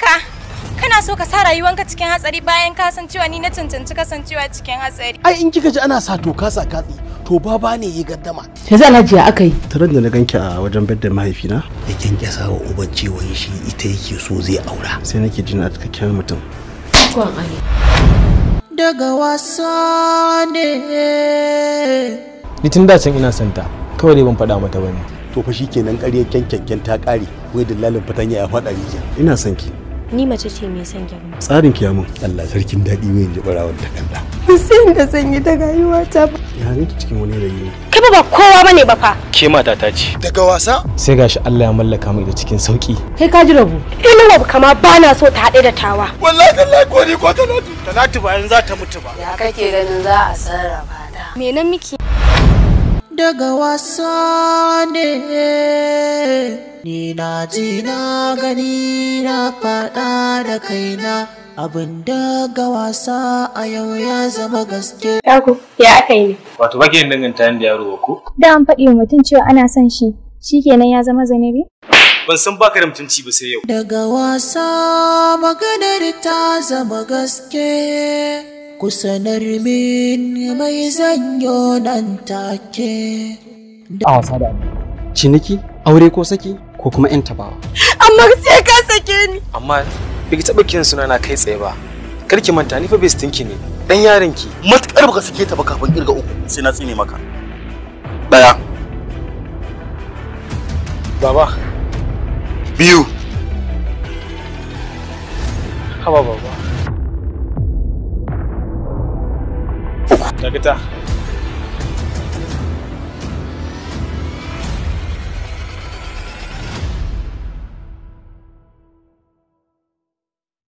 haka kana so ka sa rayuwanka cikin hatsari bayan ka san cewa ni na cancanci kasancewa cikin hatsari ai in kika ji ana sa ka sa katsi to baba ne ya gaddama yanzu alhaji ya aka yi taron da na ganki a wajen bedda mahaifina ya kyankyasa wa uban cewa shi ita yake so zai aura sai nake jin a cikakken mutum daga wasa ne ni tun da ina santa kawai dai ban faɗa mata bane to fa shikenan ƙaryar kyankyanken ta ƙare wai dillalin fatanya ya faɗa rijiya ina son ki ni mace ce mai son gyaru. tsarin kiyamun Allah sarkin daɗi wai in ji barawar da kanda sai da zan yi ta rayuwa ta ba ya ne cikin wani rayuwa. kai ba kowa bane ba fa ke mata ta ce daga wasa sai gashi Allah ya mallaka mu da cikin sauki kai ka ji rabu ina ba kama ba na so ta haɗe da tawa wallahi tallahi ko ni ko talatu talatu ba in za ta mutu ba ya kake ganin za a sarrafa ta me nan miki daga wasa ne Ni na ji na gani na faɗa da kaina abin da ga wasa a yau ya zama gaske. Yako, ya aka yi ne? Wato ba ke danganta da yaro ba ko? Da an faɗi wa mutum cewa ana son shi, shi kenan ya zama zanibi? Ban san baka da mutunci ba sai yau. Daga wasa maganar ta zama gaske. Ku sanar min mai zanyo nan take. A wasa da ciniki aure ko saki ko kuma yan tabawa amma sai ka sake ni amma bai taba kiran suna na kai tsaye ba kar ki manta ni fa bai stinki ne dan yaron ki matukar baka sake ta ba kafin kirga uku sai na tsine maka daya baba biyu haba baba uku dakata